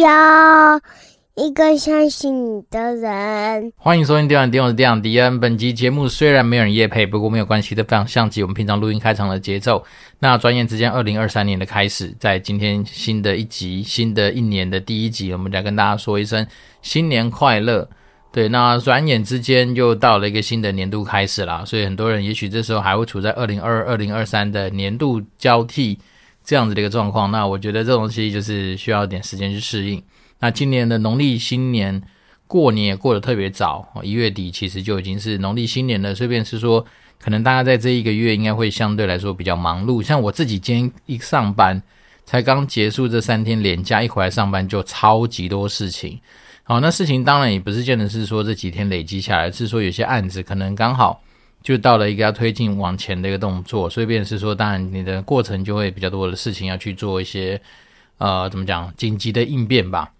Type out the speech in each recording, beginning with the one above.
要一個相信你的人。歡迎收聽《電丸殿》，我是電丸殿。本集節目雖然沒有人業配，不過沒有關係，都非常像極我們平常錄音開場的節奏。那轉眼之間，二零二三年的開始，在今天新的一集、新的一年的第一集，我們來跟大家說一聲新年快樂。對，那轉眼之間又到了一個新的年度開始啦，所以很多人也許這時候還會處在二零二二零二三的年度交替。這樣子的一個狀況，那我覺得這東西就是需要點時間去適應。那今年的農曆新年過年也過得特別早，一月底其實就已經是農曆新年了。即便是說，可能大家在這一個月應該會相對來說比較忙碌。像我自己今天一上班，才剛結束這三天連假，一回來上班就超級多事情。好，那事情當然也不是見得是說這幾天累積下來，是說有些案子可能剛好。就到了一個要推進往前的一個動作，所以便是說，當然你的過程就會比較多的事情要去做一些，呃，怎麼講，緊急的應變吧。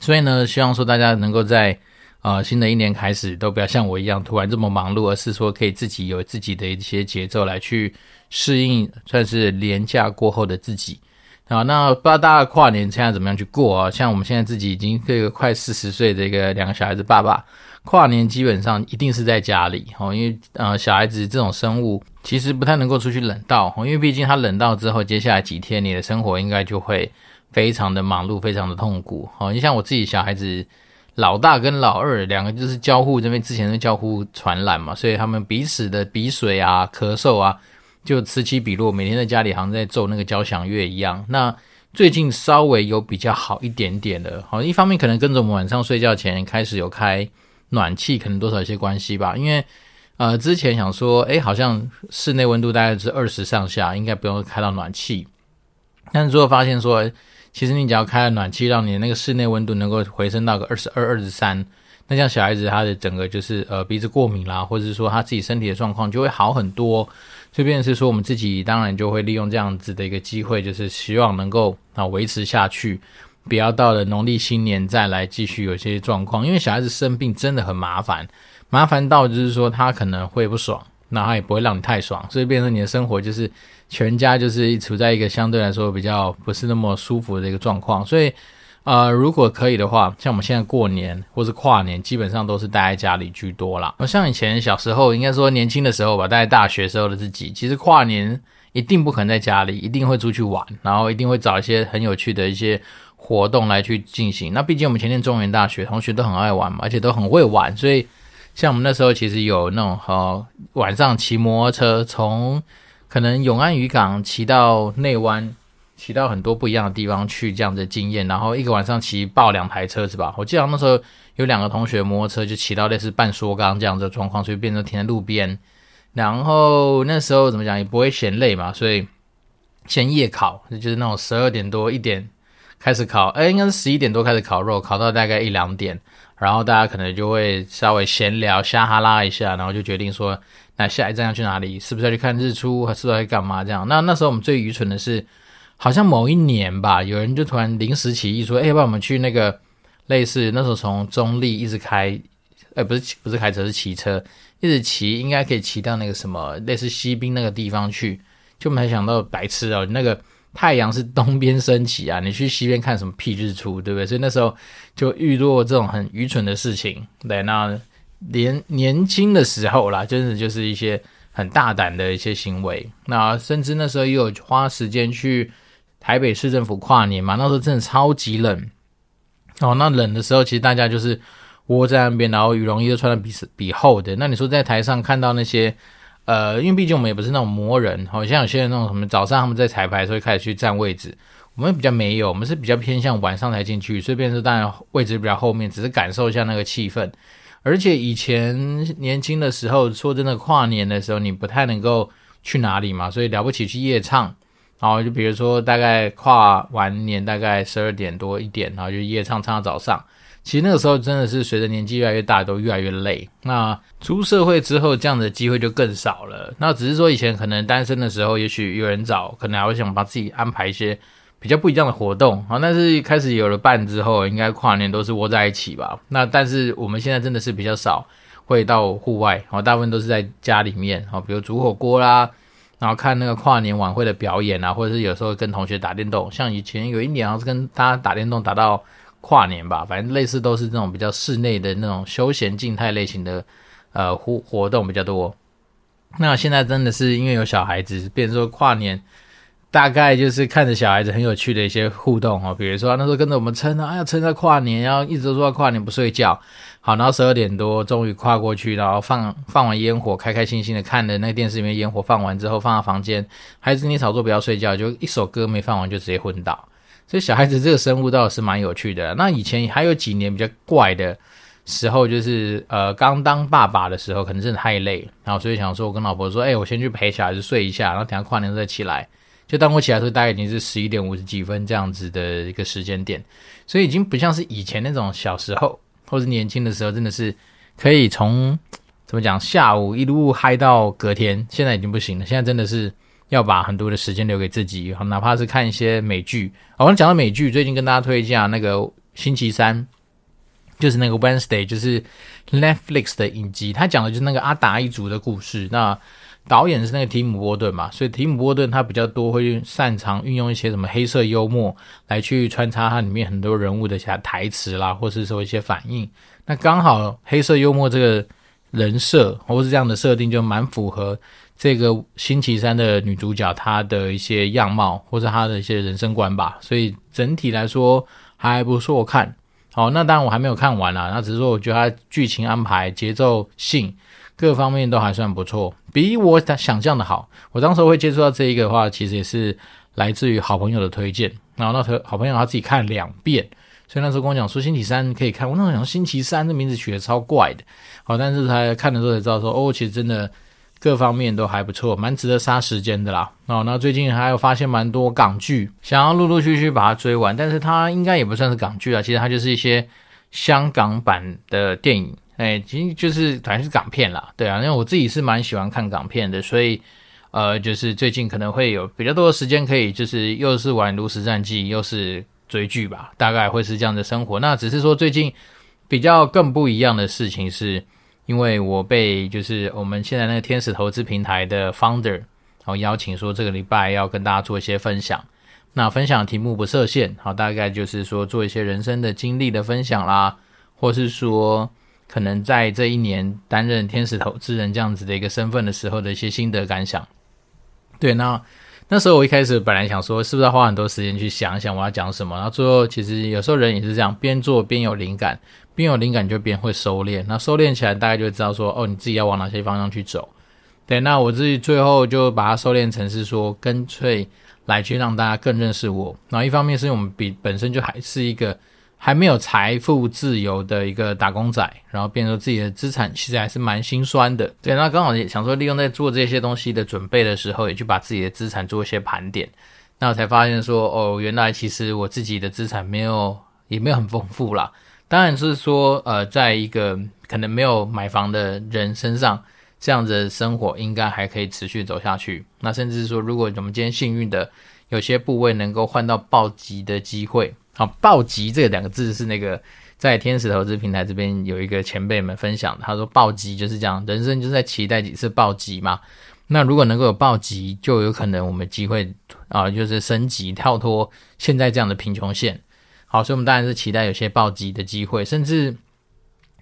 所以呢，希望說大家能夠在，呃，新的一年開始，都不要像我一樣突然這麼忙碌，而是說可以自己有自己的一些節奏來去適應，算是年假過後的自己。啊，那不知道大家跨年現在怎麼樣去過啊、哦？像我們現在自己已經這個快四十歲的一個兩個小孩子爸爸。跨年基本上一定是在家裡哦，因為呃，小孩子這種生物其實不太能夠出去冷到哦，因為畢竟他冷到之後，接下來幾天你的生活應該就會非常的忙碌，非常的痛苦哦。你像我自己小孩子老大跟老二兩個就是交互這邊，之前是交互傳染嘛，所以他們彼此的鼻水啊、咳嗽啊就此起彼落，每天在家裡好像在奏那個交響樂一樣。那最近稍微有比較好一點點的哦，一方面可能跟着我們晚上睡覺前開始有開。暖氣可能多少有些關係吧，因為呃，之前想說，誒好像室內溫度大概是二十上下，應該不用開到暖氣。但是最後發現說，其實你只要開了暖氣，讓你那個室內溫度能夠回升到個二十二、二十三，那像小孩子他的整個就是呃鼻子過敏啦，或者是說他自己身體的狀況就會好很多。這邊是說我們自己當然就會利用這樣子的一個機會，就是希望能夠啊維持下去。不要到了農曆新年再來繼續有些狀況，因為小孩子生病真的很麻煩麻煩到就是說他可能會不爽，那他也不會讓你太爽，所以變成你的生活就是全家就是處在一個相對來說比較不是那麼舒服的一個狀況。所以，呃，如果可以的話，像我們現在過年或是跨年，基本上都是待在家裡居多啦。像以前小時候，應該說年輕的時候吧，待在大學時候的自己，其實跨年一定不可能在家裡，一定會出去玩，然後一定會找一些很有趣的一些。活動來去進行，那畢竟我們前天中原大學同學都很愛玩嘛，而且都很會玩，所以像我們那時候其實有那種呃、哦，晚上騎摩托車從可能永安漁港騎到內灣，騎到很多不一樣的地方去這樣子的經驗，然後一個晚上騎爆兩台車是吧？我記得那時候有兩個同學摩托車就騎到類似半縮缸這樣的狀況，所以變成停在路邊，然後那時候怎麼講也不會嫌累嘛，所以先夜考就是那種十二點多一點，開始烤，哎、欸，應該是十一點多開始烤肉，烤到大概一兩點，然後大家可能就會稍微閒聊瞎哈拉一下，然後就決定說，那下一站要去哪裡？是不是要去看日出？還是，是要幹嘛？這樣？那那時候我們最愚蠢的是，好像某一年吧，有人就突然臨時起意說，哎、欸，要不然我們去那個類似那時候從中壢一直開，呃、欸，不是不是開車，是騎車，一直騎，應該可以騎到那個什麼類似西濱那個地方去，就沒想到白痴哦、喔，那個。太陽是東邊升起啊，你去西邊看什麼屁日出，對不對？所以那時候就遇到這種很愚蠢的事情。對，那年年輕的時候啦，真的就是一些很大膽的一些行為。那甚至那時候也有花時間去台北市政府跨年嘛。那時候真的超級冷哦。那冷的時候，其實大家就是窩在那邊，然後羽絨衣都穿得比比厚的。那你說在台上看到那些。呃，因為畢竟我們也不是那種魔人，好、哦、像有些人那種什麼，早上他們在彩排的時候開始去占位置，我們比較沒有，我們是比較偏向晚上才進去，所以變成當然位置比較後面，只是感受一下那個氣氛。而且以前年輕的時候，說真的，跨年的時候你不太能夠去哪裡嘛，所以了不起去夜唱，然、哦、後就比如說大概跨完年大概十二點多一點，然、哦、後就夜唱唱到早上。其實那個時候真的是隨着年紀越來越大，都越來越累。那出社會之後，這樣子的機會就更少了。那只是說以前可能單身的時候，也許有人找，可能還會想把自己安排一些比較不一樣的活動好、哦，但是開始有了伴之後，應該跨年都是窩在一起吧？那但是我們現在真的是比較少會到戶外好、哦，大部分都是在家裡面啊、哦，比如煮火鍋啦，然後看那個跨年晚會的表演啊，或者是有時候跟同學打電動。像以前有一年，然後是跟大家打電動打到。跨年吧，反正類似都是這種比較室內的那種休閒靜態類型的，呃活活動比較多。那現在真的是因為有小孩子，變成說跨年，大概就是看着小孩子很有趣的一些互動哦，比如說那時候跟着我們撐啊，撐啊，在跨年，然後一直都說跨年不睡覺，好，然後十二點多終於跨過去，然後放放完煙火，開開心心的看着那個電視裡面煙火放完之後，放到房間，孩子你吵著不要睡覺，就一首歌沒放完就直接昏倒。所以小孩子這個生物倒是蠻有趣的。那以前還有幾年比較怪的時候，就是呃剛當爸爸的時候，可能是太累了，然後所以想說，我跟老婆說，哎，我先去陪小孩子睡一下，然後等一下跨年再起來。就當我起來的時候，大概已經是十一點五十幾分這樣子的一個時間點，所以已經不像是以前那種小時候或者年輕的時候，真的是可以從怎麼講下午一路嗨到隔天，現在已經不行了。現在真的是。要把很多的時間留給自己，哪怕是看一些美劇。好、哦，剛講到美劇，最近跟大家推薦下那個星期三，就是那個 Wednesday，就是 Netflix 的影集，它講的就是那個阿達一族的故事。那導演是那個提姆波頓嘛，所以提姆波頓他比較多會擅長運用一些什麼黑色幽默來去穿插它裡面很多人物的啥台詞啦，或是說一些反應。那剛好黑色幽默這個。人設或是這樣的設定，就蠻符合這個星期三的女主角她的一些樣貌，或是她的一些人生觀吧。所以整體來說還不錯，看好。那當然我還沒有看完啦、啊。那只是說我覺得它劇情安排、節奏性各方面都還算不錯，比我想象的好。我當時會接觸到這一個的話，其實也是來自於好朋友的推薦。然後那好朋友他自己看兩遍。所以那時候跟我講說星期三可以看，我那時候想星期三的名字取得超怪的，好、哦，但是才看的時候才知道說哦，其實真的各方面都還不錯，蠻值得殺時間的啦。哦，那最近還有發現蠻多港劇，想要陸陸續續把它追完，但是它應該也不算是港劇啊，其實它就是一些香港版的電影，哎、欸，其實就是反正是港片啦，對啊，因為我自己是蠻喜歡看港片的，所以呃，就是最近可能會有比較多的時間可以，就是又是玩《爐石戰記》，又是。追劇吧，大概會是這樣的生活。那只是說最近比較更不一樣的事情，是因為我被就是我們現在那個天使投資平台的 founder，然後邀請說這個禮拜要跟大家做一些分享。那分享題目不設限，好，大概就是說做一些人生的經歷的分享啦，或是說可能在這一年擔任天使投資人這樣子的一個身份的時候的一些心得感想。對，那。那時候我一開始本來想說，是不是要花很多時間去想一想我要講什麼？然後最後其實有時候人也是這樣，邊做邊有靈感，邊有靈感就邊會收斂。那收斂起來，大概就知道說，哦，你自己要往哪些方向去走。對，那我自己最後就把它收斂成是說，乾脆來去讓大家更認識我。然後一方面是因為我們比本身就還是一個。還沒有財富自由的一個打工仔，然後變成自己的資產，其實還是蠻心酸的。對，那剛好也想說，利用在做這些東西的準備的時候，也去把自己的資產做一些盤點，那我才發現說，哦，原來其實我自己的資產沒有，也沒有很豐富啦。當然是說，呃，在一個可能沒有買房的人身上，這樣子的生活應該還可以持續走下去。那甚至是說，如果我們今天幸運的，有些部位能夠換到暴擊的機會。好，暴擊這兩個字是那個在天使投資平台這邊有一個前輩們分享，他說暴擊就是這樣，人生就在期待幾次暴擊嘛。那如果能夠有暴擊，就有可能我們機會啊，就是升級跳脫現在這樣的貧窮線。好，所以我們當然是期待有些暴擊的機會，甚至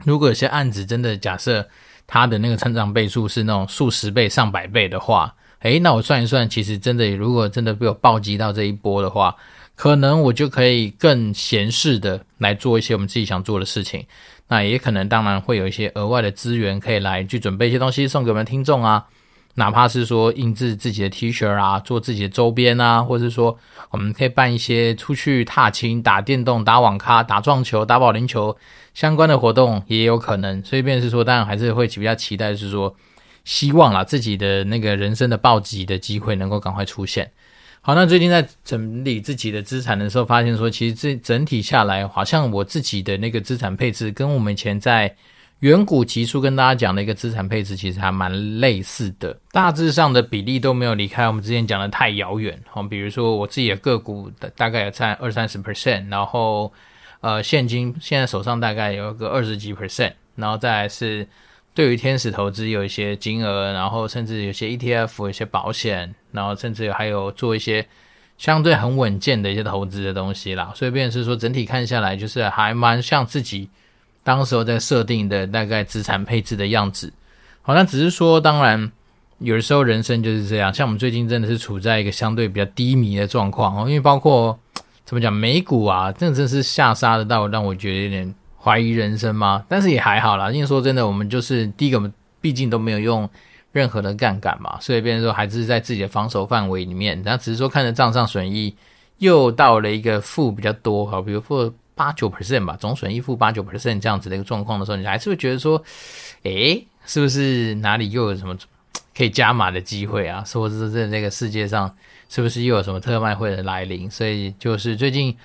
如果有些案子真的假設他的那個成長倍數是那種數十倍、上百倍的話，誒、欸，那我算一算，其實真的如果真的被我暴擊到這一波的話。可能我就可以更閒適的來做一些我們自己想做的事情，那也可能當然會有一些額外的資源可以來去準備一些東西送給我們聽眾啊，哪怕是說印制自己的 T 恤啊，做自己的周邊啊，或者是說我們可以辦一些出去踏青、打電動、打網咖、打撞球、打保齡球相關的活動也有可能。所以，便是說，當然還是會比較期待的是說，希望啊自己的那個人生的暴擊的機會能夠趕快出現。好，那最近在整理自己的資產的時候，發現說，其實這整體下來，好像我自己的那個資產配置，跟我們以前在遠古集數跟大家講的一個資產配置，其實還蠻類似的，大致上的比例都沒有離開我們之前講的太遙遠。好，比如說我自己的個股的大概有在二三十 percent，然後呃現金現在手上大概有個二十幾 percent，然後再來是。對於天使投資有一些金額，然後甚至有些 ETF，有些保險，然後甚至還有做一些相對很穩健的一些投資的東西啦。所以，變成說整體看下來，就是還蠻像自己當時候在設定的大概資產配置的樣子。好，那只是說，當然有的時候人生就是這樣。像我們最近真的是處在一個相對比較低迷的狀況哦，因為包括怎麼講，美股啊，真的真是下殺得到，讓我覺得有點。懷疑人生嗎？但是也還好啦，因為說真的，我們就是第一個，我們畢竟都沒有用任何的槓桿嘛，所以變成說還是在自己的防守範圍裡面。然後只是說看着賬上損益又到了一個負比較多好，比如說八九 percent 吧，總損益負八九 percent 這樣子的一個狀況的時候，你還是會覺得說，誒、欸，是不是哪裡又有什麼可以加碼的機會啊？說是在這個世界上，是不是又有什麼特賣會的來臨？所以就是最近。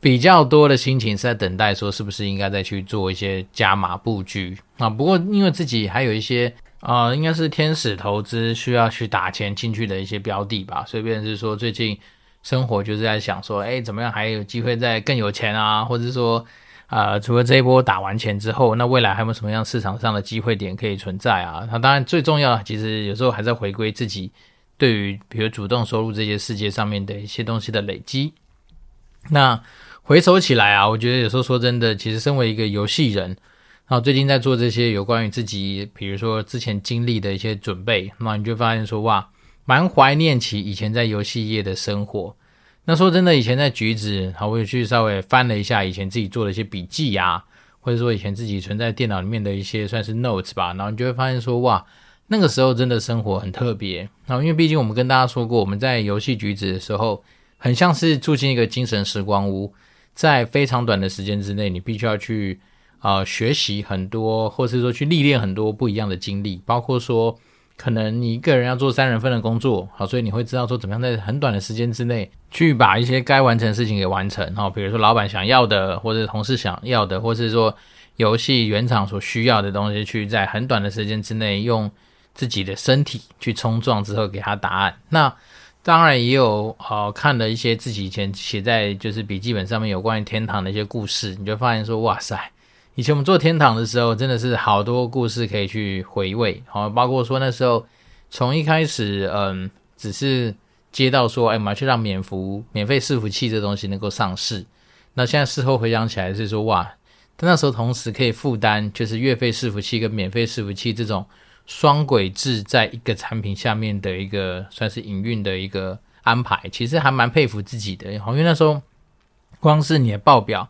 比較多的心情是在等待，說是不是應該再去做一些加碼布局啊？不過因為自己還有一些啊、呃，應該是天使投資需要去打錢進去的一些標的吧。所以，變成是說最近生活就是在想說，誒，怎麼樣還有機會再更有錢啊？或者是說啊、呃，除了這一波打完錢之後，那未來還有什麼樣市場上的機會點可以存在啊？那當然，最重要的其實有時候還在回歸自己對於比如主動收入這些世界上面的一些東西的累積。那。回首起來啊，我覺得有時候說真的，其實身為一個遊戲人，然後最近在做這些有關於自己，比如說之前經歷的一些準備，那你就會發現說哇，蠻懷念起以前在遊戲業的生活。那說真的，以前在橘子，好，我也去稍微翻了一下以前自己做的一些筆記呀、啊，或者說以前自己存在電腦裡面的一些算是 notes 吧，然後你就會發現說哇，那個時候真的生活很特別。那因為畢竟我們跟大家說過，我們在遊戲橘子的時候，很像是住進一個精神時光屋。在非常短的時間之內，你必須要去啊、呃、學習很多，或是說去歷練很多不一樣的經歷，包括說可能你一個人要做三人份的工作，好，所以你會知道說怎麼樣在很短的時間之內去把一些該完成的事情給完成，好、哦，比如說老闆想要的，或者同事想要的，或是說遊戲原廠所需要的東西，去在很短的時間之內用自己的身體去衝撞之後給他答案。那當然也有呃、哦、看了一些自己以前寫在就是筆記本上面有關於天堂的一些故事，你就發現說，哇塞，以前我們做天堂的時候，真的是好多故事可以去回味。好、哦，包括說那時候從一開始，嗯，只是接到說，哎，我要讓免服免費伺服器這東西能夠上市。那現在事後回想起來是說，哇，但那時候同時可以負擔就是月費伺服器跟免費伺服器這種。雙軌制在一個產品下面的一個算是營運的一個安排，其實還蠻佩服自己的。因為那時候，光是你的報表，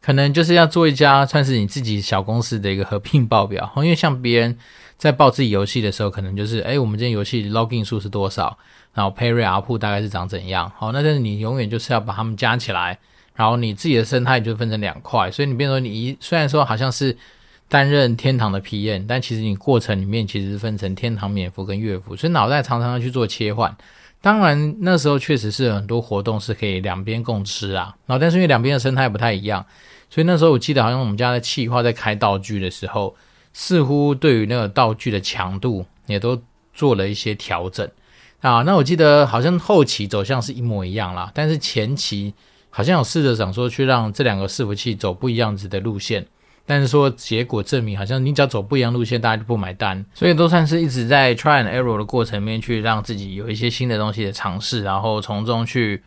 可能就是要做一家算是你自己小公司的一個合併報表。因為像別人在報自己遊戲的時候，可能就是誒，我們今天遊戲 login 數是多少，然後 pay rate up 大概是長怎樣？好，那就是你永遠就是要把它們加起來，然後你自己的生態就分成兩塊。所以你變成，你雖然說好像是。擔任天堂的 PM，但其實你過程裡面其實是分成天堂免服跟樂服，所以腦袋常常要去做切換。當然那時候確實是很多活動是可以兩邊共吃啊，然後但是因為兩邊的生態不太一樣，所以那時候我記得好像我們家的企劃在開道具的時候，似乎對於那個道具的強度也都做了一些調整啊。那我記得好像後期走向是一模一樣啦，但是前期好像有試着想說去讓這兩個伺服器走不一樣子的路線。但是說結果證明，好像你只要走不一樣路線，大家就不買單，所以都算是一直在 try and error 的過程裡面去讓自己有一些新的東西的嘗試，然後從中去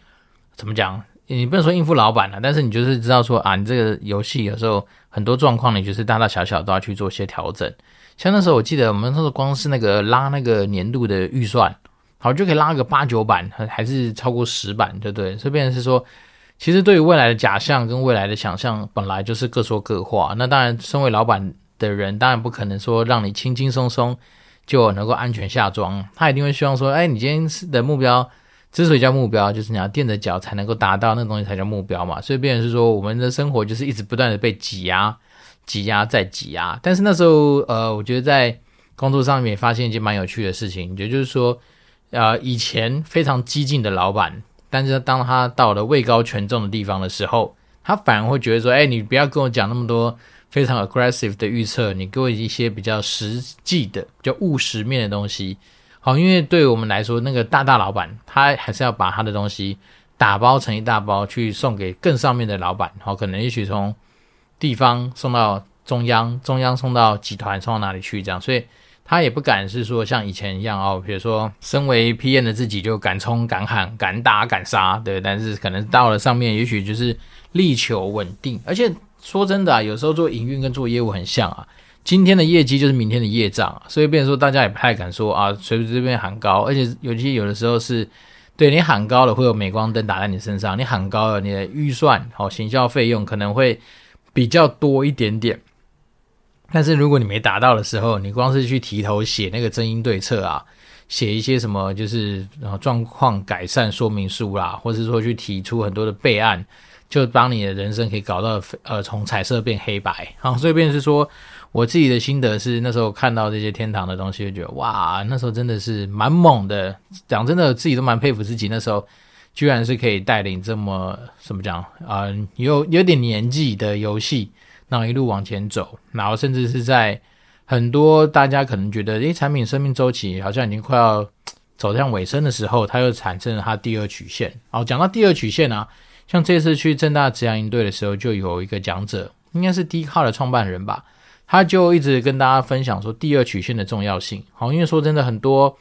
怎麼講，你不能說應付老闆了，啊，但是你就是知道說啊，你這個遊戲有時候很多狀況，你就是大大小小都要去做一些調整。像那時候我記得，我們那時候光是那個拉那個年度的預算，好就可以拉個八九版，還是超過十版，對不對？所以變成是說。其實，對於未來的假象跟未來的想象，本來就是各說各話。那當然，身為老闆的人，當然不可能說讓你輕輕鬆鬆就能夠安全下裝。他一定會希望說，哎，你今天的目標之所以叫目標，就是你要墊着腳才能夠達到那個東西才叫目標嘛。所以，變成是說，我們的生活就是一直不斷的被擠壓、擠壓再擠壓。但是那時候，呃，我覺得在工作上面發現一件蠻有趣的事情，也就是說，呃，以前非常激進的老闆。但是當他到了位高權重的地方的時候，他反而會覺得說：“哎、欸，你不要跟我講那麼多非常 aggressive 的預測，你給我一些比較實際的、比較務實面的東西。”好，因為對我們來說，那個大大老板他還是要把他的東西打包成一大包去送給更上面的老板。好，可能也許從地方送到中央，中央送到集團，送到哪裡去？這樣，所以。他也不敢是說像以前一樣哦，比如說身為 PM 的自己就敢衝、敢喊、敢打、敢殺，對。但是可能到了上面，也許就是力求穩定。而且說真的啊，有時候做營運跟做業務很像啊，今天的業績就是明天的業障啊，所以變成說大家也不太敢說啊，隨便這邊喊高，而且尤其有的時候是對你喊高了，會有鎂光燈打在你身上，你喊高了，你的預算好、哦、行銷費用可能會比較多一點點。但是如果你沒達到的時候，你光是去提頭寫那個真因對策啊，寫一些什麼就是狀況改善說明書啦，或者是說去提出很多的備案，就幫你的人生可以搞到呃從彩色變黑白。然後變成是說我自己的心得是那時候看到這些天堂的東西，就覺得哇，那時候真的是蠻猛的。講真的，自己都蠻佩服自己那時候居然是可以帶領這麼怎麼講啊，呃，有有點年紀的遊戲。然後一路往前走，然後甚至是在很多大家可能覺得，誒，產品生命週期好像已經快要走向尾聲的時候，它又產生了它第二曲線。好，講到第二曲線啊，像這次去政大慈陽營隊的時候，就有一個講者，應該是 Dcard 的創辦人吧，他就一直跟大家分享說第二曲線的重要性。好，因為說真的，很多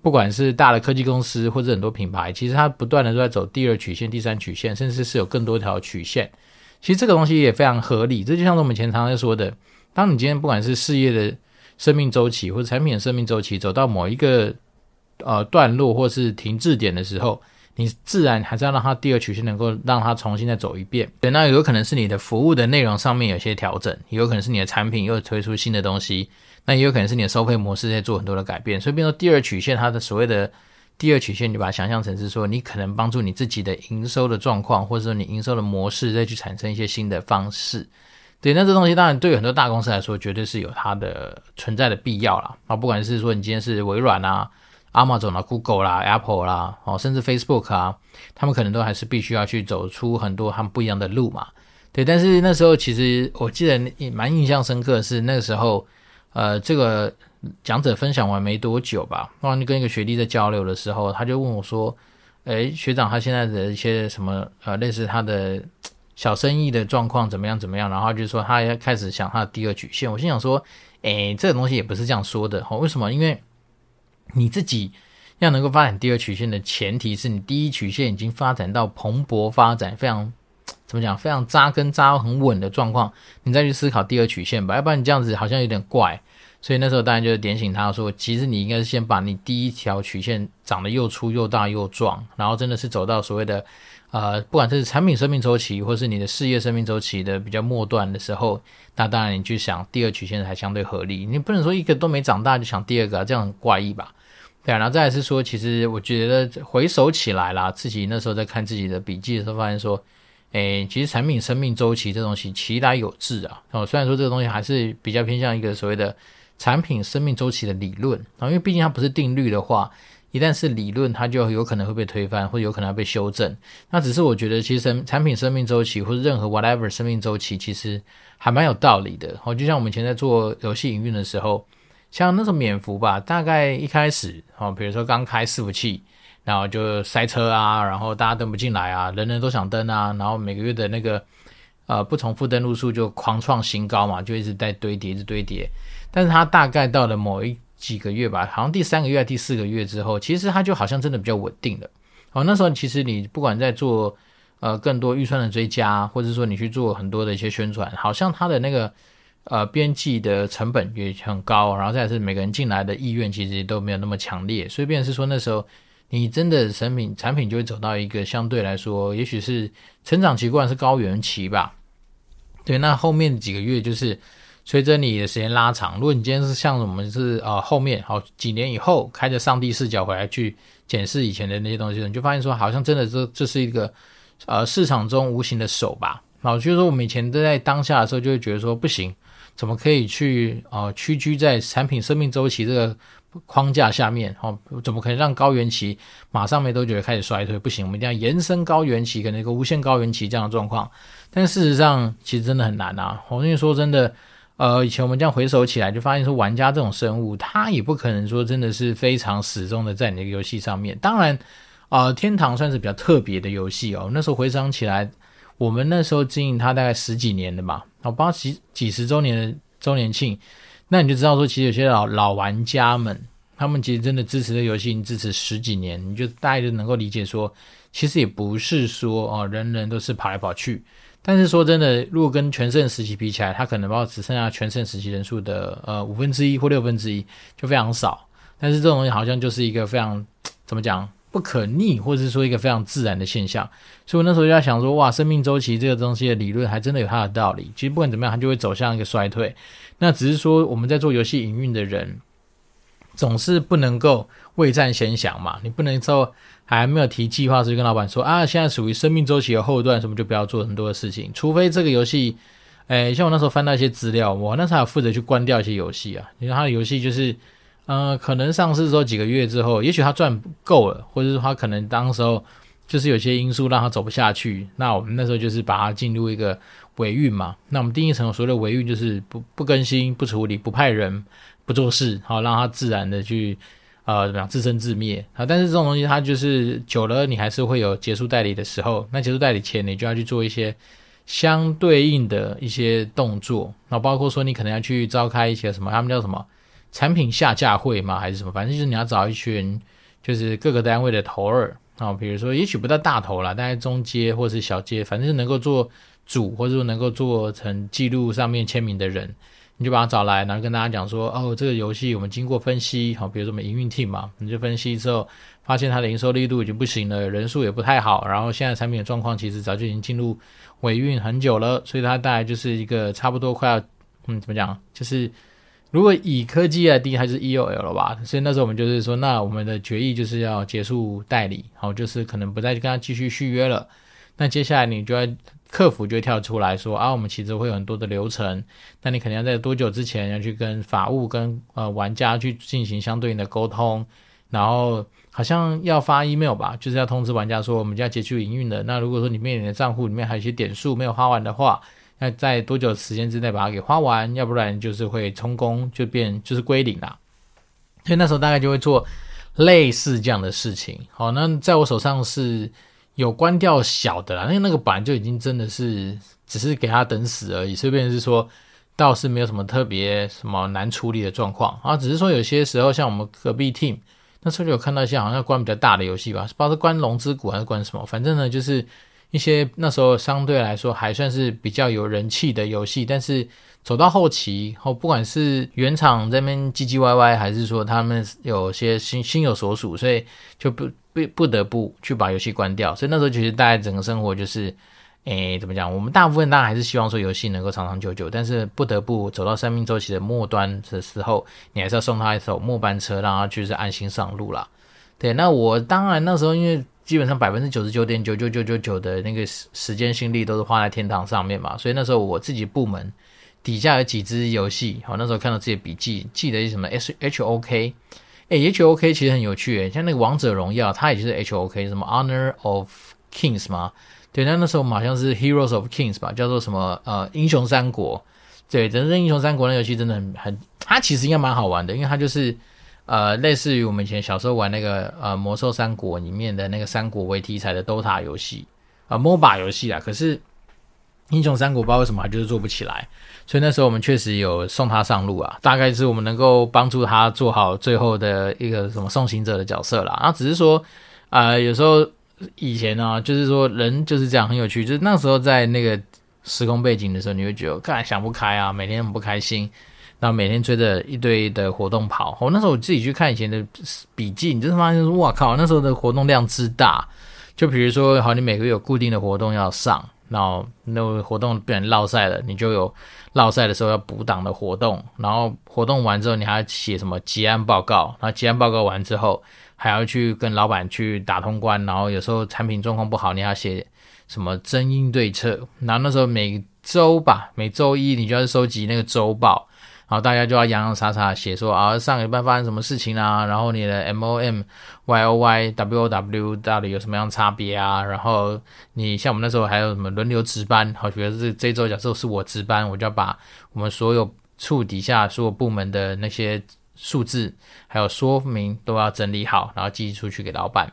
不管是大的科技公司或者很多品牌，其實它不斷的都在走第二曲線、第三曲線，甚至是有更多條曲線。其實這個東西也非常合理，這就像是我們前常在說的，當你今天不管是事業的生命週期或者產品的生命週期走到某一個呃，段落或是停滯點的時候，你自然還是要讓它第二曲線能夠讓它重新再走一遍。對，那有可能是你的服務的內容上面有些調整，也有可能是你的產品又推出新的東西，那也有可能是你的收費模式在做很多的改變。所以，變成第二曲線它的所謂的。第二曲線，你把它想象成是說，你可能幫助你自己的營收的狀況，或者說你營收的模式，再去產生一些新的方式。對，那這東西當然對於很多大公司來說，絕對是有它的存在的必要啦。啊，不管是說你今天是微軟啦、啊、Amazon 啦、啊、Google 啦、啊、Apple 啦、啊，哦，甚至 Facebook 啊，他們可能都還是必須要去走出很多他們不一樣的路嘛。對，但是那時候其實我記得蠻印象深刻的是那個時候，呃，這個。講者分享完沒多久吧，然後跟一個學弟在交流的時候，他就問我說：“誒，學長，他現在的一些什麼呃，類似他的小生意的狀況怎麼樣怎麼樣？”然後就是說他要開始想他的第二曲線。我心想說：“誒，這個東西也不是這樣說的哈、哦，為什麼？因為你自己要能夠發展第二曲線的前提是你第一曲線已經發展到蓬勃發展，非常怎麼講，非常扎根扎很穩的狀況，你再去思考第二曲線吧，要不然你這樣子好像有點怪。”所以那時候當然就是點醒他說，其實你應該是先把你第一條曲線長得又粗又大又壯，然後真的是走到所謂的，呃，不管是產品生命週期或是你的事業生命週期的比較末端的時候，那當然你去想第二曲線才相對合理，你不能說一個都沒長大就想第二個，啊，這樣很怪異吧？對、啊，然後再來是說，其實我覺得回首起來啦，自己那時候在看自己的筆記的時候，發現說，誒，其實產品生命週期這東西其來有自啊、哦，雖然說這個東西還是比較偏向一個所謂的。產品生命週期的理論，因為畢竟它不是定律的話，一旦是理論，它就有可能會被推翻，或者有可能要被修正。那只是我覺得，其實產品生命週期或者任何 whatever 生命週期，其實還蠻有道理的。哦，就像我們以前在做遊戲營運的時候，像那種免服吧，大概一開始哦，比如說剛開伺服器，然後就塞車啊，然後大家登不進來啊，人人都想登啊，然後每個月的那個。呃，不重複登入數就狂創新高嘛，就一直在堆疊，一直堆疊。但是它大概到了某一幾個月吧，好像第三個月、第四個月之後，其實它就好像真的比較穩定了。好、哦，那時候其實你不管在做呃更多預算的追加，或者說你去做很多的一些宣傳，好像它的那個呃邊際的成本也很高，然後再是每個人進來的意願其實都沒有那麼強烈，所以變成是說那時候。你真的產品產品就會走到一個相對來說，也許是成長習慣是高原期吧。對，那後面幾個月就是隨着你的時間拉長，如果你今天是像我們是啊、呃、後面好幾年以後，開着上帝視角回來去檢視以前的那些東西，你就發現說，好像真的這這是一個呃市場中無形的手吧？老就是說我們以前都在當下的時候就會覺得說不行，怎麼可以去啊、呃、屈居在產品生命週期這個。框架下面哦，怎麼可以讓高原期馬上沒多久開始衰退？不行，我們一定要延伸高原期跟那個無限高原期這樣的狀況。但事實上，其實真的很難啊！吼、哦、跟說真的，呃，以前我們這樣回首起來，就發現說玩家這種生物，他也不可能說真的是非常始終的在你的遊戲上面。當然，啊、呃，天堂算是比較特別的遊戲哦。那時候回想起來，我們那時候經營它大概十幾年的嘛，然、哦、後八幾幾十周年的周年慶。那你就知道說，其實有些老老玩家們，他們其實真的支持這遊戲，你支持十幾年。你就大概就能夠理解說，其實也不是說哦、呃，人人都是跑來跑去。但是說真的，如果跟全盛時期比起來，它可能包括只剩下全盛時期人數的呃五分之一或六分之一，就非常少。但是這種東西好像就是一個非常怎麼講不可逆，或者是說一個非常自然的現象。所以我那時候就在想說，哇，生命週期這個東西的理論還真的有它的道理。其實不管怎麼樣，它就會走向一個衰退。那只是說，我們在做遊戲營運的人，總是不能夠未戰先降嘛。你不能說還沒有提計劃時就跟老闆說啊，現在屬於生命周期的後段，什麼就不要做很多的事情。除非這個遊戲，哎，像我那時候翻到一些資料，我那時候還負責去關掉一些遊戲啊。你看他的遊戲就是，嗯，可能上市之後幾個月之後，也許他賺夠了，或者是他可能當時候就是有些因素讓他走不下去。那我們那時候就是把它進入一個。維運嘛，那我們定義成所謂的維運就是不不更新、不處理、不派人、不做事，好、哦、讓它自然的去啊，怎麼樣自生自滅啊、哦？但是這種東西它就是久了，你還是會有結束代理的時候。那結束代理前，你就要去做一些相對應的一些動作，那、哦、包括說你可能要去召開一些什麼，他們叫什麼產品下架會嘛，還是什麼？反正就是你要找一群，就是各個單位的頭兒啊、哦，比如說也許不在大，大頭啦，但在中階或是小階，反正是能夠做。主或者說能夠做成記錄上面簽名的人，你就把他找來，然後跟大家講說：“哦，這個遊戲我們經過分析，好，比如說我們營運 team 嘛，你就分析之後發現它的營收力度已經不行了，人數也不太好，然後現在產品的狀況其實早就已經進入尾運很久了，所以它大概就是一個差不多快要，嗯，怎麼講？就是如果以科技來定，它是 EOL 了吧？所以那時候我們就是說，那我們的決議就是要結束代理，好，就是可能不再跟他繼續續約了。那接下來你就要。客服就會跳出來說啊，我們其實會有很多的流程，那你可能要在多久之前要去跟法務跟呃玩家去進行相對應的溝通，然後好像要發 email 吧，就是要通知玩家說我們就要結束營運了。那如果說面你面臨的賬戶裡面還有一些點數沒有花完的話，那在多久的時間之內把它給花完，要不然就是會充公就變就是歸零了。所以那時候大概就會做類似這樣的事情。好，那在我手上是。有關掉小的啦，那那個板就已經真的是只是給他等死而已。所以，變成是說，倒是沒有什麼特別什麼難處理的狀況啊，只是說有些時候像我們隔壁 team 那時候就有看到一些好像關比較大的遊戲吧，不知道是關龍之谷還是關什麼？反正呢，就是一些那時候相對來說還算是比較有人氣的遊戲，但是走到後期後，哦，不管是原廠這邊唧唧歪歪，還是說他們有些心心有所屬，所以就不。不不得不去把遊戲關掉，所以那時候其實大家整個生活就是，誒、欸、怎麼講？我們大部分大家還是希望說遊戲能夠長長久久，但是不得不走到生命周期的末端的時候，你還是要送他一首末班車，讓他就是安心上路啦。對，那我當然那時候因為基本上百分之九十九點九九九九九的那個時間心力都是花在天堂上面嘛，所以那時候我自己部門底下有幾支遊戲，好，那時候看到這些筆記，記得是什麼 S H O K，哎，H O K 其實很有趣哎，像那個《王者榮耀》，它也就是 H O K，什麼《Honor of Kings》嘛？對，那那時候我們好像是《Heroes of Kings》吧，叫做什麼？呃，《英雄三國》。對，《真正英雄三國》那遊戲真的很很，它其實應該蠻好玩的，因為它就是呃，類似於我們以前小時候玩那個呃《魔獸三國》裡面的那個三國為題材的 Dota 遊戲啊，呃，MOBA 遊戲啊。可是。英雄三國不知道為什麼還就是做不起來，所以那時候我們確實有送他上路啊，大概是我們能夠幫助他做好最後的一個什麼送行者的角色啦，啊只是說，啊、呃，有時候以前呢、啊，就是說人就是這樣很有趣，就是那時候在那個時空背景的時候，你會覺得看來想不開啊，每天很不開心，然後每天追着一堆的活動跑。我、哦、那時候我自己去看以前的筆記，你就發現哇靠，那時候的活動量之大，就比如說好，你每個月有固定的活動要上。然後那個活動變成落賽了，你就有落賽的時候要補檔的活動，然後活動完之後你還要寫什麼結案報告，然後結案報告完之後還要去跟老闆去打通關，然後有時候產品狀況不好，你還要寫什麼振興對策。然後那時候每周吧，每周一你就要收集那個周報。好，大家就要洋洋灑灑寫說啊，上禮拜發生什麼事情啊？然後你的 M O M Y O Y W O W 到底有什麼樣差別啊？然後你像我們那時候還有什麼輪流值班，好，比如這這周假設是我值班，我就要把我們所有處底下所有部門的那些數字還有說明都要整理好，然後寄出去給老板。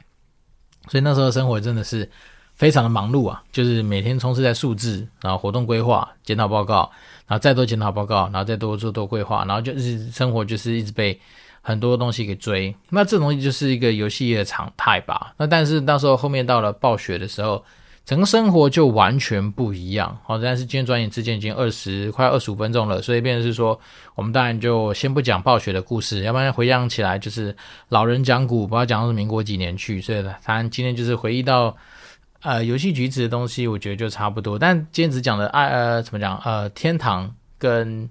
所以那時候生活真的是非常的忙碌啊，就是每天充斥在數字，然後活動規劃、檢討報告。然後再多檢討報告，然後再多做多規劃，然後就是生活就是一直被很多東西給追。那這東西就是一個遊戲業的常態吧。那但是到時候後面到了暴雪的時候，整個生活就完全不一樣。好、哦，但是今天轉眼之間已經二十快二十五分鐘了，所以變成是說我們當然就先不講暴雪的故事，要不然回想起來就是老人講古，不要講到民國幾年去。所以當然今天就是回憶到。呃，遊戲橘子的東西，我覺得就差不多。但兼職講的愛呃，怎麼講呃，天堂跟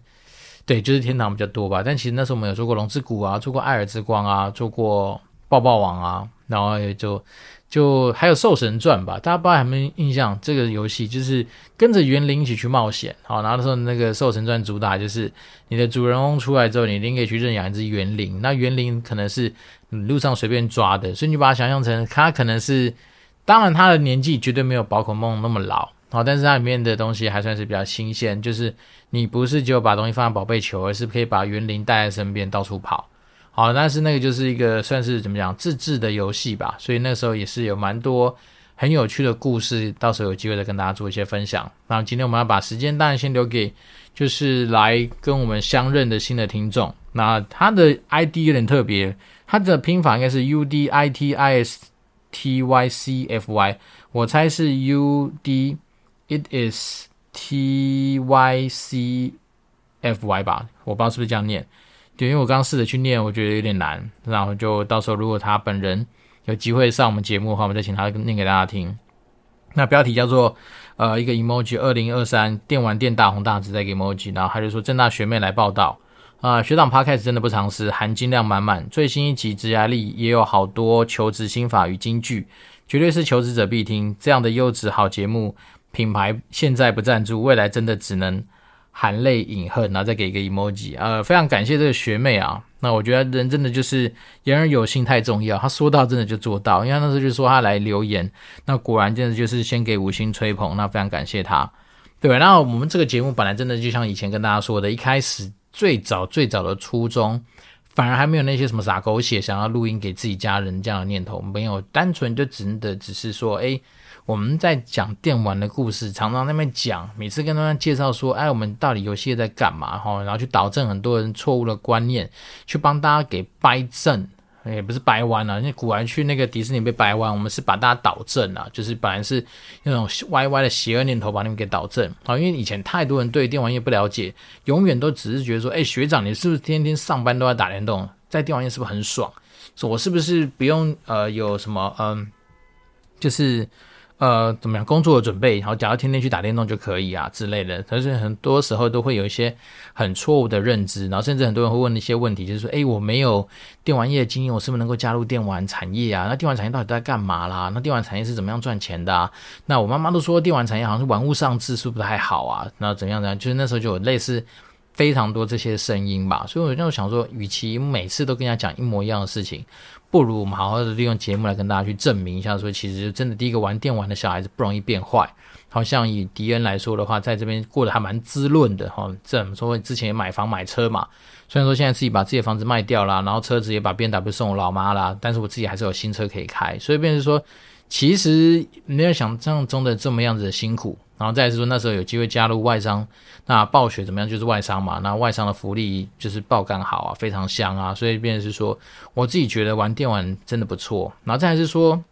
對，就是天堂比較多吧。但其實那時候我們有做過龍之谷啊，做過艾爾之光啊，做過抱抱王啊，然後就就還有獸神傳吧。大家不知道有沒有印象？這個遊戲就是跟着園林一起去冒險。好，然後那時候那個獸神傳主打就是你的主人翁出來之後，你一定可以去認養一隻園林。那園林可能是路上隨便抓的，所以你把它想象成它可能是。當然，他的年紀絕對沒有寶可夢那麼老，好，但是它裡面的東西還算是比較新鮮。就是你不是只有把東西放在寶貝球，而是可以把元靈帶在身邊到處跑，好，但是那個就是一個算是怎麼講自制的遊戲吧。所以那時候也是有蠻多很有趣的故事，到時候有機會再跟大家做一些分享。那今天我們要把時間當然先留給就是來跟我們相認的新的聽眾。那他的 ID 有點特別，他的拼法應該是 U D I T I S。T Y C F Y，我猜是 U D。It is T Y C F Y 吧？我不知道是不是這樣念。對，因為我剛試着去念，我覺得有點難。然後就到時候如果他本人有機會上我們節目的話，我們再請他念給大家聽。那標題叫做呃一個 emoji，二零二三電丸殿大紅大紫再給 emoji。然後他就說政大學妹來報道。啊、呃，學長 Podcast 真的不常試，含金量滿滿。最新一集職涯力也有好多求職心法與金句，絕對是求職者必聽，這樣的優質好節目。品牌現在不贊助，未來真的只能含淚飲恨。然後再給一個 emoji，呃，非常感謝這個學妹啊。那我覺得人真的就是言而有信太重要，他說到真的就做到。因為那時候就說他來留言，那果然真的就是先給五星吹捧。那非常感謝他，對，然後我們這個節目本來真的就像以前跟大家說的，一開始。最早最早的初衷，反而還沒有那些什麼撒狗血，想要錄音給自己家人這樣的念頭，沒有單純就真的只是說，哎、欸，我們在講電玩的故事，常常在那邊講，每次跟他們介紹說，哎、欸，我們到底遊戲在幹嘛吼，然後去導正很多人錯誤的觀念，去幫大家給掰正。也不是掰彎了，那古玩去那個迪士尼被掰彎，我們是把大家導正了，啊，就是本來是那種歪歪的邪惡念頭，把你們給導正啊。因為以前太多人對電玩業不了解，永遠都只是覺得說，哎、欸，學長你是不是天天上班都在打電動，在電玩業是不是很爽？說我是不是不用呃有什麼嗯、呃，就是。呃，怎麼樣？工作的準備，然後假如天天去打電動就可以啊之類的。但是很多時候都會有一些很錯誤的認知，然後甚至很多人會問一些問題，就是說，誒，我沒有電玩業經驗，我是不是能夠加入電玩產業啊？那電玩產業到底在幹嘛啦？那電玩產業是怎麼樣賺錢的啊？那我媽媽都說電玩產業好像是玩物喪志，是不是不太好啊？那怎麼樣怎麼樣？就是那時候就有類似非常多這些聲音吧。所以我那時候想說，與其每次都跟人家講一模一樣的事情。不如我們好好的利用節目來跟大家去證明一下，說其實就真的第一個玩電玩的小孩子不容易變壞。好像以迪恩來說的話，在這邊過得還蠻滋潤的哈。正說之前也買房買車嘛，雖然說現在自己把自己的房子賣掉啦，然後車子也把 BMW 送我老媽啦，但是我自己還是有新車可以開。所以變成說，其實沒有想象中的這麼樣子的辛苦。然後再來是說那時候有機會加入外商，那暴雪怎麼樣？就是外商嘛，那外商的福利就是爆肝好啊，非常香啊。所以變是說，我自己覺得玩電玩真的不錯。然後再來是說，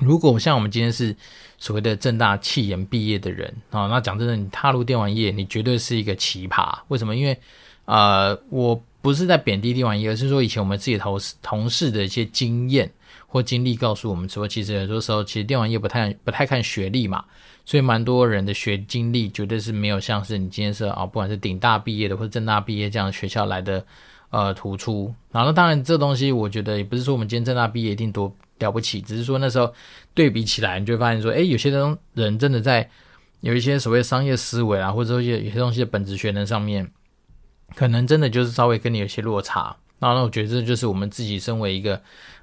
如果像我們今天是所謂的政大企研畢業的人啊，那講真的，你踏入電玩業，你絕對是一個奇葩。為什麼？因為呃，我不是在貶低電玩業，而是說以前我們自己同事同事的一些經驗或經歷告訴我們說，其實很多時候其實電玩業不太不太看學歷嘛。所以，蠻多人的學經歷絕對是沒有像是你今天是啊、哦，不管是頂大畢業的或者正大畢業這樣的學校來的，呃，突出。然後，當然，這東西我覺得也不是說我們今天正大畢業一定多了不起，只是說那時候對比起來，你就會發現說，誒、欸，有些人真的在有一些所謂商業思維啊，或者一些有些東西的本質學能上面，可能真的就是稍微跟你有些落差。那那我覺得這就是我們自己身為一個。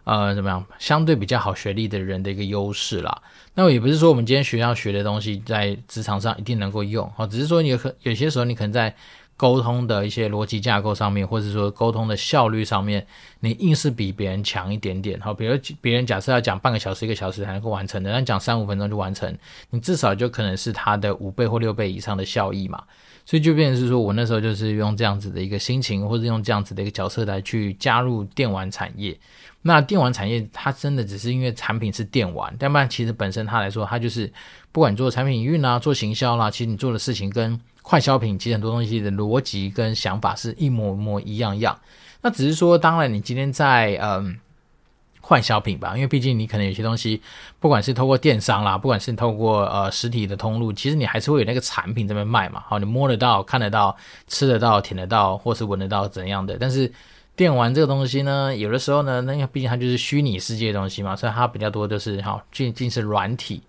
呃，怎麼樣？相對比較好學歷的人的一個優勢啦。那也不是說我們今天學校學的東西在職場上一定能夠用，哈，只是說你可有些時候你可能在溝通的一些邏輯架構上面，或者說溝通的效率上面，你硬是比別人強一點點，哈。比如別人假設要講半個小時、一個小時才能夠完成的，那講三五分鐘就完成，你至少就可能是他的五倍或六倍以上的效益嘛。所以就變成是說我那時候就是用這樣子的一個心情，或者用這樣子的一個角色來去加入電玩產業。那電玩產業，它真的只是因為產品是電玩，但不然其實本身它來說，它就是不管你做產品營運啦，做行銷啦，啊，其實你做的事情跟快消品，其實很多東西的邏輯跟想法是一模模一樣一樣。那只是說，當然你今天在嗯快消品吧，因為畢竟你可能有些東西，不管是透過電商啦，不管是透過呃實體的通路，其實你還是會有那個產品這邊賣嘛，好，你摸得到、看得到、吃得到、舔得到，或是聞得到怎樣的？但是，電玩這個東西呢，有的時候呢，那因為畢竟它就是虛擬世界的東西嘛，所以它比較多就是好進近，近是軟體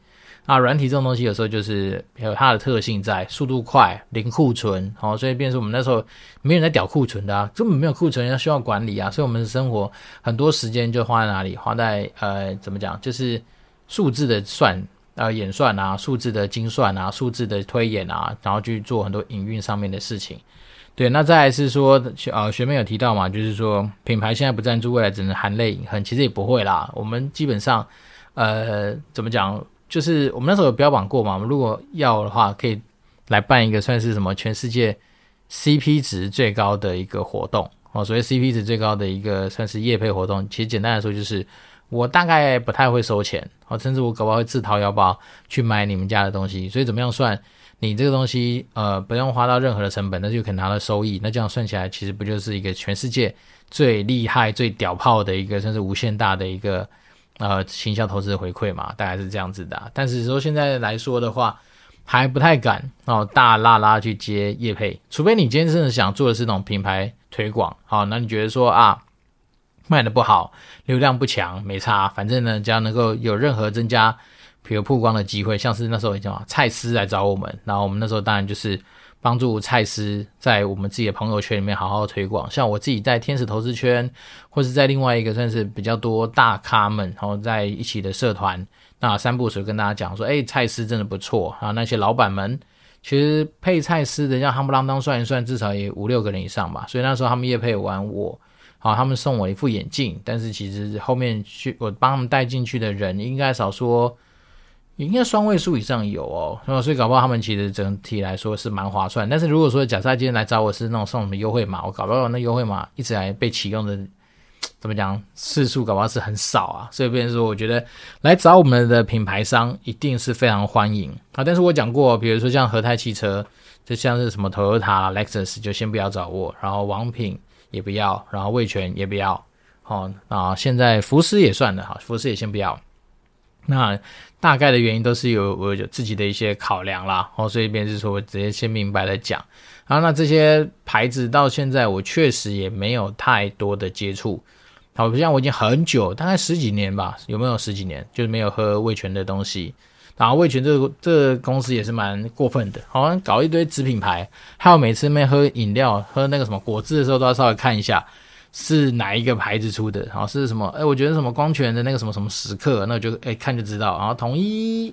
啊，那軟體這種東西有時候就是有它的特性在，速度快，零庫存，好，所以變成我們那時候沒有人在屌庫存的啊，根本沒有庫存要需要管理啊，所以我們的生活很多時間就花在哪裡，花在呃怎麼講，就是數字的算啊、呃、演算啊，數字的精算啊，數字的推演啊，然後去做很多營運上面的事情。對，那再來是說學，呃，學妹有提到嘛，就是說品牌現在不贊助，未來只能含淚飲恨。其實也不會啦，我們基本上，呃，怎麼講，就是我們那時候有標榜過嘛，我們如果要的話，可以來辦一個算是什麼全世界 CP 值最高的一個活動哦，所謂 CP 值最高的一個算是業配活動。其實簡單來說，就是我大概不太會收錢哦，甚至我搞不好會自掏腰包去買你們家的東西，所以怎麼樣算？你這個東西，呃，不用花到任何的成本，那就可以拿到收益。那這樣算起來，其實不就是一個全世界最厲害、最屌炮的一個，甚至無限大的一個，呃，行銷投資的回饋嘛？大概是這樣子的、啊。但是說現在來說的話，還不太敢哦，大拉拉去接業配，除非你今天真的想做的是那種品牌推廣，好、哦，那你覺得說啊，賣的不好，流量不強，沒差，反正呢，只要能夠有任何增加。比如曝光的機會，像是那時候已經蔡司來找我們，然後我們那時候當然就是幫助蔡司在我們自己的朋友圈裡面好好推廣。像我自己在天使投資圈，或是在另外一個算是比較多大咖們，然後在一起的社團，那三部所跟大家講說：“哎、欸，蔡司真的不錯啊！”然後那些老闆們其實配蔡司的，像夯不啷噹算一算，至少也五六個人以上吧。所以那時候他們也配完我，好，他們送我一副眼鏡。但是其實後面去我幫他們帶進去的人，應該少說。應該雙位數以上有哦，那麼所以搞不好他們其實整體來說是蠻划算。但是如果說假設他今天來找我是那種送我們優惠碼，我搞不好我那優惠碼一直以來被啟用的，怎麼講次數搞不好是很少啊。所以變成說我覺得來找我們的品牌商一定是非常歡迎啊。但是我講過，比如說像和泰汽車，就像是什麼 Toyota、Lexus 就先不要找我，然後王品也不要，然後味全也不要，好、哦、啊，現在福斯也算的哈，福斯也先不要，那。大概的原因都是有我有自己的一些考量啦，哦，所以便是說我直接先明白的講，然後那這些牌子到現在我確實也沒有太多的接觸，好，不像我已經很久，大概十幾年吧，有沒有十幾年，就是沒有喝味全的東西，然後味全這個這個公司也是蠻過分的，好像搞一堆子品牌，還有每次沒喝飲料，喝那個什麼果汁的時候都要稍微看一下。是哪一個牌子出的？好，是什麼？哎、欸，我覺得什麼光泉的那個什麼什麼時刻，那我就哎、欸、看就知道。然後統一，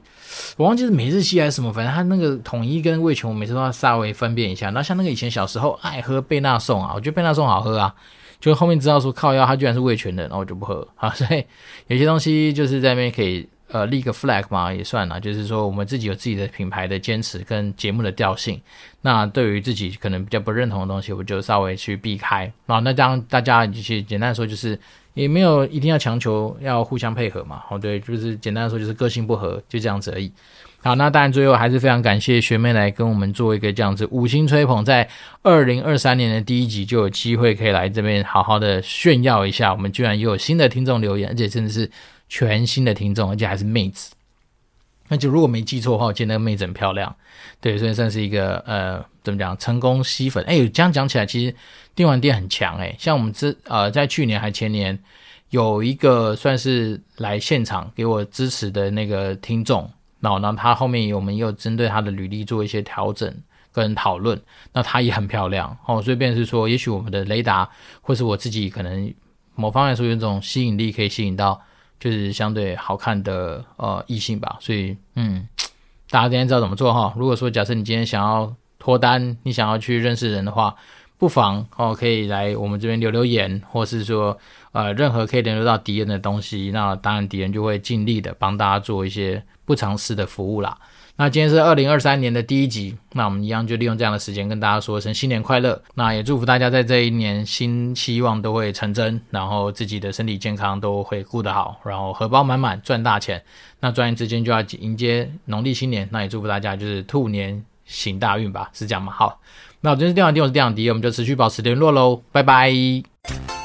我忘記是每日 C 還是什麼，反正他那個統一跟味全，我每次都要稍微分辨一下。那像那個以前小時候愛喝貝納頌啊，我覺得貝納頌好喝啊，就後面知道說靠腰，他居然是味全的，然後我就不喝。好，所以有些東西就是在那邊可以。呃，立個 flag 嘛，也算了。就是說，我們自己有自己的品牌的堅持跟節目的調性。那對於自己可能比較不認同的東西，我就稍微去避開。好，那當大家其實簡單說，就是也沒有一定要強求要互相配合嘛。哦，對，就是簡單說，就是個性不合，就這樣子而已。好，那當然最後還是非常感謝學妹來跟我們做一個這樣子五星吹捧，在二零二三年的第一集就有機會可以來這邊好好的炫耀一下，我們居然也有新的聽眾留言，而且真的是。全新的聽眾，而且還是妹子。那就如果沒記錯的話，我見那個妹子很漂亮，對，所以算是一個呃，怎麼講，成功吸粉。哎、欸，這樣講起來，其實電丸殿很強。哎，像我們之呃，在去年還前年有一個算是來現場給我支持的那個聽眾，然後呢，他後面我們又針對他的履歷做一些調整跟討論，那他也很漂亮哦。所以變成說，也許我們的雷達，或是我自己，可能某方面說有這種吸引力，可以吸引到。就是相對好看的呃異性吧，所以嗯，大家今天知道怎麼做哈。如果說假設你今天想要脫單，你想要去認識人的話，不妨哦、呃、可以來我們這邊留留言，或是說呃任何可以聯絡到敵人的東西，那當然敵人就會盡力的幫大家做一些不償失的服務啦。那今天是二零二三年的第一集，那我們一樣就利用這樣的時間跟大家說一聲新年快樂。那也祝福大家在這一年，新希望都會成真，然後自己的身體健康都會顧得好，然後荷包滿滿賺大錢。那轉眼之間就要迎接農曆新年，那也祝福大家就是兔年行大運吧，是這樣嗎？好，那我今天是電丸殿，我是電丸殿，我們就持續保持聯絡嘍，拜拜。